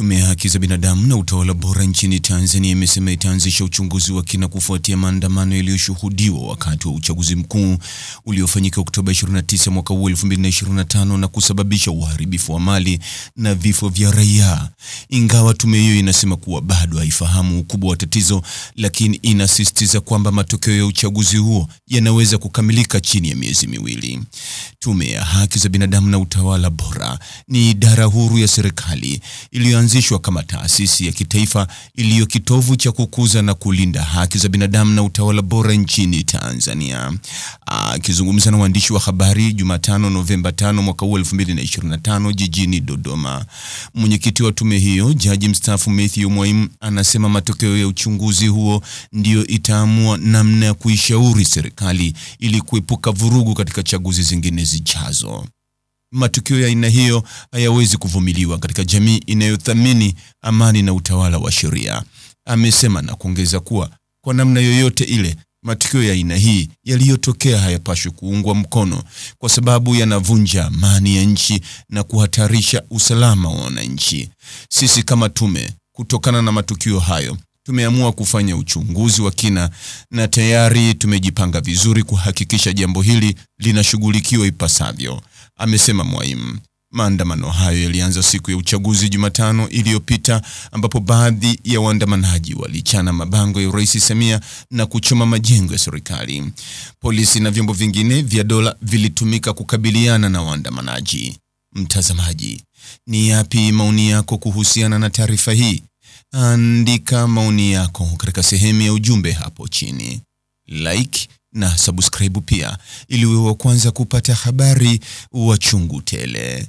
Tume ya Haki za Binadamu na Utawala Bora nchini Tanzania imesema itaanzisha uchunguzi wa kina kufuatia maandamano yaliyoshuhudiwa wakati wa uchaguzi mkuu uliofanyika Oktoba 29 mwaka huu 2025 na kusababisha uharibifu wa mali na vifo vya raia. Ingawa tume hiyo inasema kuwa bado haifahamu ukubwa wa tatizo, lakini inasisitiza kwamba matokeo ya uchaguzi huo yanaweza kukamilika chini ya miezi miwili. Tume ya Haki za Binadamu na Utawala Bora ni idara huru ya serikali iliyoanzishwa kama taasisi ya kitaifa iliyo kitovu cha kukuza na kulinda haki za binadamu na utawala bora nchini Tanzania. Akizungumza na waandishi wa habari Jumatano Novemba 5 mwaka huu 2025 jijini Dodoma, mwenyekiti wa tume hiyo jaji mstaafu Matthew Mwaimu anasema matokeo ya uchunguzi huo ndiyo itaamua namna ya kuishauri serikali ili kuepuka vurugu katika chaguzi zingine zijazo. Matukio ya aina hiyo hayawezi kuvumiliwa katika jamii inayothamini amani na utawala wa sheria, amesema na kuongeza kuwa kwa namna yoyote ile Matukio ya aina hii yaliyotokea hayapaswi kuungwa mkono kwa sababu yanavunja amani ya nchi na kuhatarisha usalama wa wananchi. Sisi kama tume, kutokana na matukio hayo, tumeamua kufanya uchunguzi wa kina na tayari tumejipanga vizuri kuhakikisha jambo hili linashughulikiwa ipasavyo, amesema Mwaimu. Maandamano hayo yalianza siku ya uchaguzi Jumatano iliyopita ambapo baadhi ya waandamanaji walichana mabango ya Rais Samia na kuchoma majengo ya serikali. Polisi na vyombo vingine vya dola vilitumika kukabiliana na waandamanaji. Mtazamaji, ni yapi maoni yako kuhusiana na taarifa hii? Andika maoni yako katika sehemu ya ujumbe hapo chini. Like na subscribe pia ili uwe wa kwanza kupata habari wa chungu tele.